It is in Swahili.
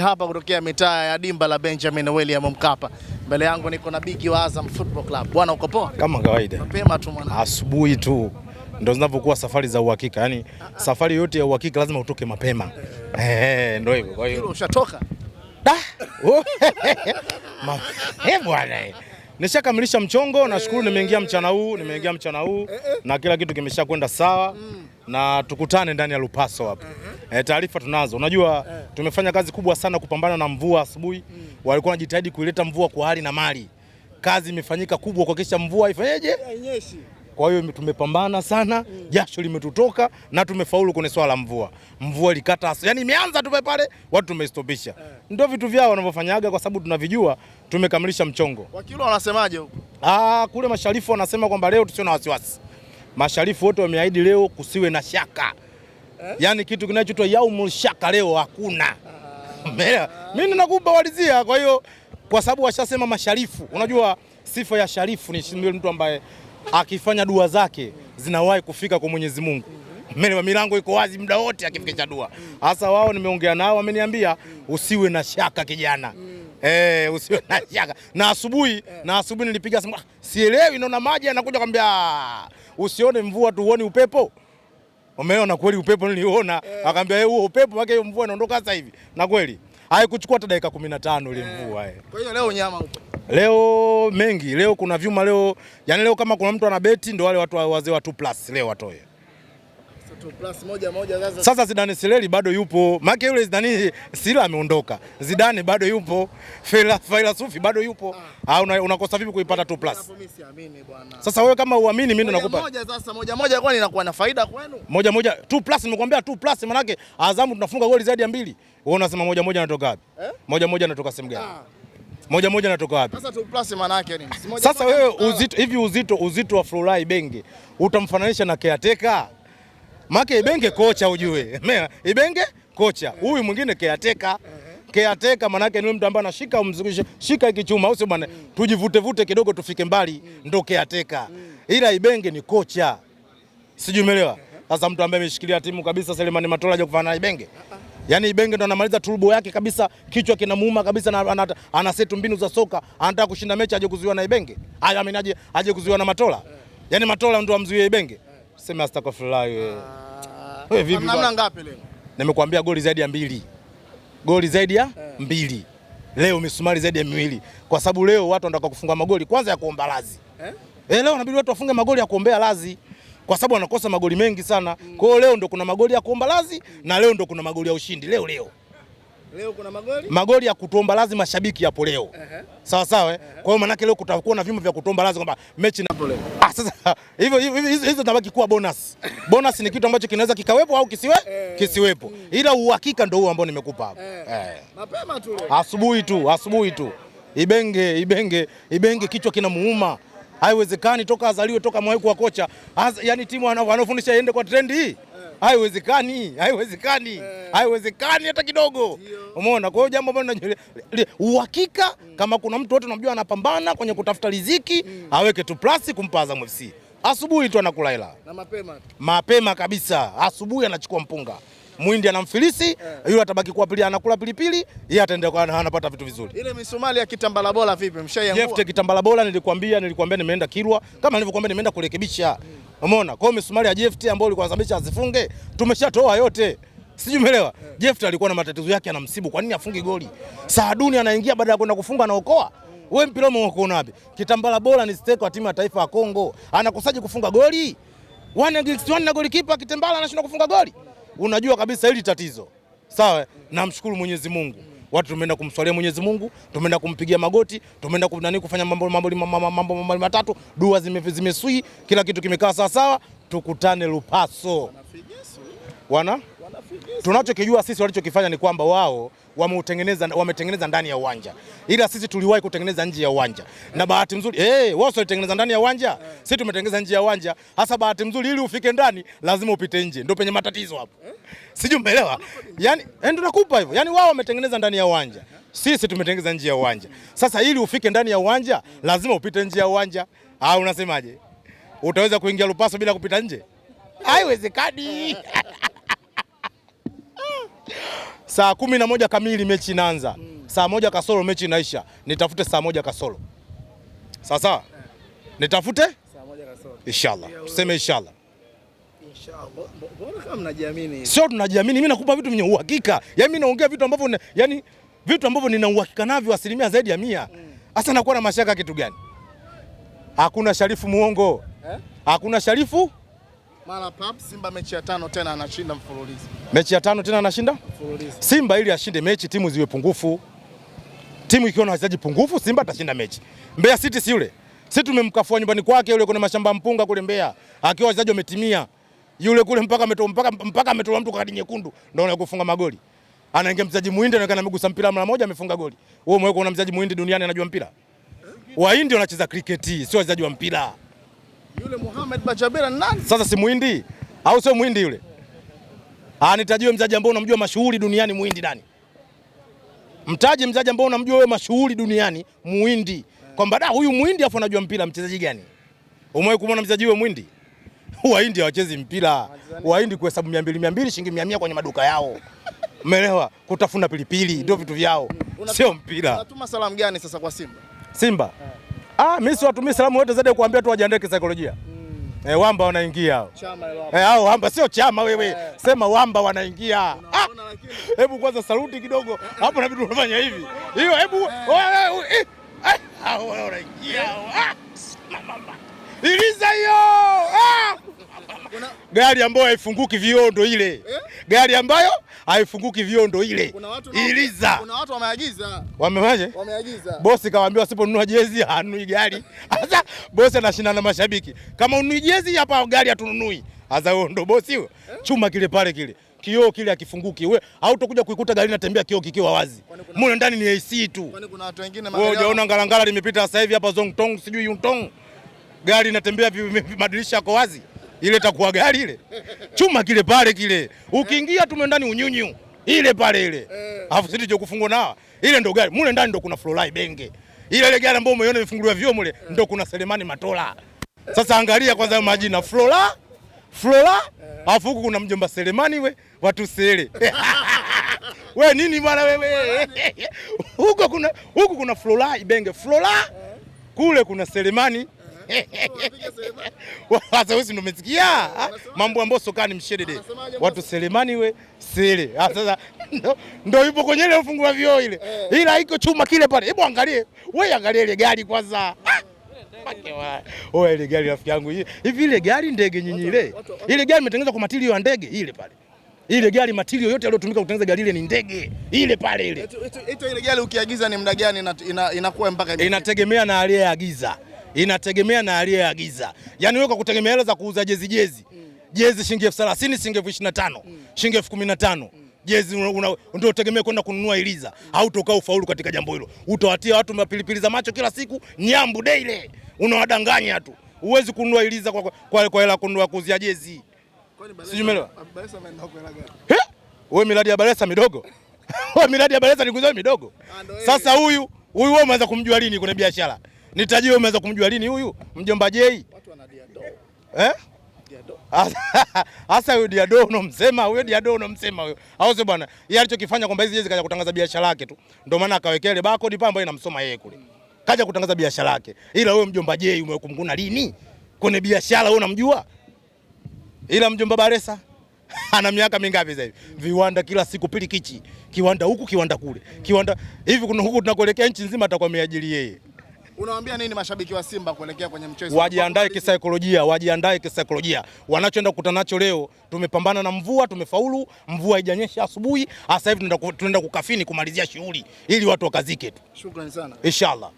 hapa kutokea mitaa ya dimba la Benjamin William Mkapa. Mbele yangu niko na bigi wa Azam Football Club. Bwana, uko poa? Kama kawaida, mapema tu mwana, asubuhi tu ndo zinavyokuwa safari za uhakika. Yaani safari yote ya uhakika lazima utoke mapema, eh. ndo hivyo. Kwa hiyo ushatoka oh. eh, bwana nishakamilisha mchongo, nashukuru. Nimeingia mchana huu, nimeingia mchana huu eh, na kila kitu kimeshakwenda sawa. Mm na tukutane ndani ya Lupaso hapo. Mm -hmm. Uh-huh. E, eh, taarifa tunazo. Unajua eh. tumefanya kazi kubwa sana kupambana na mvua asubuhi. mm. Walikuwa wanajitahidi kuileta mvua kwa hali na mali, kazi imefanyika kubwa kuhakikisha mvua ifanyeje, Inyeshi. Kwa hiyo tumepambana sana, mm. jasho limetutoka na tumefaulu kwenye swala la mvua. Mvua ilikata, yani imeanza tupe pale, watu tumeistopisha. Eh. Ndio vitu vyao wanavyofanyaga, kwa sababu tunavijua. Tumekamilisha mchongo. Wakilo wanasemaje huko? Ah, kule masharifu wanasema kwamba leo tusio na wasiwasi Masharifu wote wameahidi leo kusiwe na shaka eh? Yaani kitu kinachoitwa yaumul shaka leo hakuna. Ah. Mimi ninakupa walizia. Kwa hiyo kwa sababu washasema masharifu, unajua sifa ya sharifu ni mtu ambaye akifanya dua zake zinawahi kufika kwa Mwenyezi Mungu. Mhm. Mimi milango iko wazi muda wote akifikisha dua. Mhm. Hasa wao nimeongea nao wameniambia mhm. usiwe na shaka kijana. Eh, usiwe na shaka. Na asubuhi, eh. na asubuhi nilipiga simu, ah, sielewi naona maji anakuja kwambia ah, usione mvua tu uone upepo. Umeona kweli upepo niliona, yeah. Akaambia yeye eh, huo upepo wake, hiyo mvua inaondoka sasa hivi, na kweli haikuchukua hata dakika 15 ile eh. mvua. Eh. Kwa hiyo leo nyama huko leo mengi, leo kuna vyuma leo, yani leo kama kuna mtu ana beti, ndo wale watu wazee wa 2 plus leo watoe tatu plus moja moja. zaza. sasa Zidane Sileli bado yupo, maana yule Zidane Sireli ameondoka, Zidane bado yupo, Fela Fela Sufi bado yupo ah. ah unakosa vipi kuipata tu plus? Sasa wewe kama uamini, mimi ndo nakupa moja sasa moja moja, kwani inakuwa na faida kwenu moja moja? tu plus nimekuambia tu plus maana yake Azamu tunafunga goli zaidi ya mbili. Wewe unasema moja moja natoka wapi eh? Moja moja natoka sehemu gani ah. Moja moja natoka wapi? Sasa tu plus maana yake nini? Sasa wewe uzito hivi uzito uzito wa Florai Benge utamfananisha na Keateka? Make Ibenge kocha ujue. Mea, Ibenge kocha. Eh. Huyu mwingine keateka. Keateka manake ni mtu ambaye anashika umzungushe, shika ikichuma au sio bwana? Mm. Tujivute vute kidogo tufike mbali mm. ndo keateka. Mm. Ila Ibenge ni kocha. Sijui umeelewa? Sasa mtu ambaye ameshikilia timu kabisa Selemani Matola haja kufana na Ibenge. Ah, ah. Yaani Ibenge ndo anamaliza turbo yake kabisa, kichwa kinamuuma kabisa na ana, setu mbinu za soka, anataka kushinda mechi aje kuzuiwa na Ibenge. Hayo amenaje aje kuzuiwa na Matola? Eh. Yaani Matola ndo amzuie Ibenge sema Fly wewe. Wewe vipi Namna ngapi leo? Nimekuambia goli zaidi ya mbili. Goli zaidi ya eh. mbili. Leo misumari zaidi ya miwili. Kwa sababu leo watu wanataka kufunga magoli kwanza ya kuomba lazi. Eh? Eh, leo inabidi watu wafunge magoli ya kuombea lazi. Kwa sababu wanakosa magoli mengi sana. Kwa hiyo leo ndo kuna magoli ya kuomba lazi na leo ndo kuna magoli ya ushindi leo leo. Leo kuna magoli? Magoli ya kutomba lazima shabiki yapo leo. Sawa sawa. Eh? Kwa hiyo manake leo kutakuwa na vyombo vya kutomba lazima kwamba mechi na leo. Ah, sasa hivyo hizo zitabaki kuwa bonus. Bonus ni kitu ambacho kinaweza kikawepo au kisiwe? Kisiwepo. Mm. Ila uhakika ndio huo ambao nimekupa Eh. Mapema tu leo. Asubuhi tu, asubuhi tu. Ibenge, Ibenge, Ibenge kichwa kinamuuma. Haiwezekani toka azaliwe toka mwaiku wa kocha. Yani timu wanaofundisha iende kwa trendi hii haiwezekani, haiwezekani, eh. haiwezekani hata kidogo. Umeona? Kwa hiyo jambo ambalo najua uhakika mm. kama kuna mtu wote unamjua anapambana kwenye kutafuta riziki mm. aweke tu plasi kumpa Azam FC asubuhi tu anakula hela na mapema, mapema kabisa. Asubuhi anachukua mpunga ah. mwindi anamfilisi yeah. Yule atabaki kuwa pili, anakula pilipili, yeye ataendelea kwa anapata vitu vizuri. Ile misumali ya kitambala bora vipi, mshaiangua? Jeff kitambala bora, nilikwambia nilikwambia nimeenda Kilwa kama nilivyokuambia nimeenda kurekebisha mm. Umeona? Kwa hiyo misumari ya Jeft ambayo ilikuwa inasababisha asifunge, tumeshatoa yote. Sijui umeelewa. Eh. Jeft alikuwa na matatizo yake anamsibu, kwa nini afungi goli? Saaduni anaingia baada ya kwenda kufunga okoa. Wewe mpira umeona nabi? Kitambala bora ni steka wa timu ya taifa ya Kongo. Anakosaje kufunga goli? One against one na golikipa Kitambala anashindwa kufunga goli. Unajua kabisa hili tatizo. Sawa? Namshukuru Mwenyezi Mungu watu tumeenda kumswalia Mwenyezi Mungu, tumeenda kumpigia magoti, tumeenda kunani kufanya mambo mambo mambo mambo matatu, dua zimeswi, kila kitu kimekaa sawa sawa, tukutane Lupaso wana tunachokijua sisi walichokifanya ni kwamba wao wameutengeneza wametengeneza ndani ya uwanja, ila sisi tuliwahi kutengeneza nje ya uwanja na bahati nzuri eh, wao walitengeneza ndani ya uwanja, sisi tumetengeneza nje ya uwanja. Hasa bahati nzuri, ili ufike ndani lazima upite nje, ndio penye matatizo hapo, sijui umeelewa? Yani eh, ndio nakupa hivyo, yani wao wametengeneza ndani ya uwanja, sisi tumetengeneza nje ya uwanja. Sasa ili ufike ndani ya uwanja lazima upite nje ya uwanja, au ah, unasemaje? Utaweza kuingia Lupaso bila kupita nje? Haiwezekani. saa kumi na moja kamili mechi inaanza mm. saa moja kasoro mechi inaisha, nitafute saa moja kasoro sawa sawa, eh. nitafute saa moja kasoro inshallah, tuseme inshallah Sio tunajiamini, mi nakupa vitu vyenye uhakika. yani, mi naongea vitu ambavyo yani vitu ambavyo nina uhakika navyo asilimia zaidi ya mia. Hasa hmm. nakuwa na mashaka kitu gani? Hakuna Sharifu muongo, eh? hakuna Sharifu mara pap Simba mechi ya tano tena anashinda mfululizo. Mechi ya tano tena anashinda? Mfululizo. Simba ili ashinde mechi timu ziwe pungufu. Timu ikiwa na wachezaji pungufu Simba atashinda mechi. Mbeya City si yule. Sisi tumemkafua nyumbani kwake yule kuna mashamba mpunga kule Mbeya. Akiwa wachezaji wametimia. Yule kule mpaka ametoa mpaka mpaka ametoa mtu kadi nyekundu ndio anaye kufunga magoli. Anaingia mchezaji Muhindi anaonekana amegusa mpira mara moja amefunga goli. Wewe umeweka una mchezaji Muhindi duniani anajua mpira? Eh? Wahindi wanacheza kriketi, sio wachezaji wa mpira. Yule Muhammad Bajabera nani? Sasa si Muhindi au sio Muhindi yule? Ah, nitajue mzaji ambao unamjua mashuhuri duniani Muhindi nani? Mtaji mzaji ambao unamjua wewe mashuhuri duniani Muhindi. Kwamba da huyu Muhindi afu anajua mpira mchezaji gani? Umewahi kumwona mzaji wewe Muhindi? Wahindi hawachezi mpira. Wahindi kuhesabu 200 200 shilingi 100 kwenye maduka yao. Umeelewa? Kutafuna pilipili ndio vitu vyao. Sio mpira. Unatuma salamu gani sasa kwa Simba? Simba. Yeah. Ah, mimi si watumii salamu wote zaidi ya kuambia tu wajiandae kisaikolojia. Mm. Eh, wamba wanaingia hao. Chama ile wamba. Eh, hao wamba sio chama wewe. Yeah. Sema wamba wanaingia. Unaona ah. Lakini. Hebu kwanza saluti kidogo. Hapo na vitu unafanya hivi. Hiyo hebu eh. Ah, wanaingia hao. Ah. Iliza hiyo. Ah gari ambayo haifunguki viondo ile eh? Gari ambayo haifunguki viondo ile iliza. Kuna watu wameagiza, wameaje? Wameagiza, bosi kawaambia wasiponunua jezi hanunui gari. Sasa bosi anashindana na mashabiki, kama ununui jezi hapa, gari hatununui. Sasa wewe ndo bosi wewe eh? Chuma kile pale kile kioo kile akifunguki, wewe au utakuja kuikuta gari inatembea kioo kikiwa wazi, Mbona ndani ni AC tu. Kuna watu wengine wewe unaona ngalangala limepita sasa hivi hapa Zongtong, sijui Yuntong, gari inatembea vipi madirisha yako wazi ile takuwa gari ile chuma kile pale kile, ukiingia tu ndani unyunyu ile pale ile, eh. alafu sisi kufungwa na ile ndo gari mule ndani ndo kuna Florai Benge ile ile gari ambayo umeona imefunguliwa vioo mule eh. ndo kuna Selemani Matola. Sasa angalia kwanza majina Flora Flora, eh. alafu huku kuna mjomba Selemani we watu sele we nini bwana wewe huko kuna huku kuna Florai Benge Flora, kule kuna Selemani sasa wewe ndio umesikia mambo ambayo sokani mshedede watu selemani we sele. Sasa ndio yupo kwenye ile ufungu wa vioo ile, eh. ila iko chuma kile pale. Hebu angalie wewe, angalie ile gari kwanza ile gari rafiki yangu hivi, ile gari ndege nyinyi, ile ile gari imetengenezwa kwa matirio ya ndege ile pale ile gari matirio yote yaliyotumika kutengeneza gari ile ni ndege ile pale ile. Ito, Ile gari ukiagiza ni muda gani inakuwa mpaka? Inategemea na aliyeagiza inategemea na aliyeagiza. Yaani wewe kwa kutegemea hela za kuuza jezi jezi mm. jezi shilingi elfu thelathini shilingi elfu ishirini na tano mm. shilingi elfu kumi na tano mm. jezi ndio utegemea kwenda kununua iliza au toka ufaulu katika jambo hilo. Utawatia watu mapilipili za macho kila siku nyambu daily, unawadanganya tu. Uwezi kununua iliza kwa kwa kwa hela kununua kuuzia jezi. Sijui umeelewa? Wewe miradi ya Baresa midogo wewe miradi ya Baresa ni kuuza midogo. Ah, Sasa huyu huyu wewe umeanza kumjua lini kwenye biashara? nitajie umeweza kumjua lini huyu mjomba Jei? Watu wana diado. Eh? Diado. Hasa huyo diado unomsema huyo diado unomsema huyo. Au sio bwana? Yeye alichokifanya kwamba hizi jezi kaja kutangaza biashara yake tu. Ndio maana akawekea ile barcode pale ambayo inamsoma yeye kule. Kaja kutangaza biashara yake. Ila wewe mjomba Jei umekumkuna lini? Kwenye biashara wewe unamjua? Ila mjomba Baresa ana miaka mingapi sasa hivi? Viwanda kila siku pili kichi. Kiwanda huku kiwanda kule. Kiwanda hivi kuna huku tunakoelekea nchi nzima atakwa ameajiri yeye. Unawaambia nini mashabiki wa Simba kuelekea kwenye mchezo? Wajiandae kisaikolojia, wajiandae kisaikolojia. Wanachoenda kukutana nacho leo, tumepambana na mvua, tumefaulu. Mvua haijanyesha asubuhi, sasa hivi tunaenda kukafini kumalizia shughuli ili watu wakazike tu. Shukrani sana. Inshallah.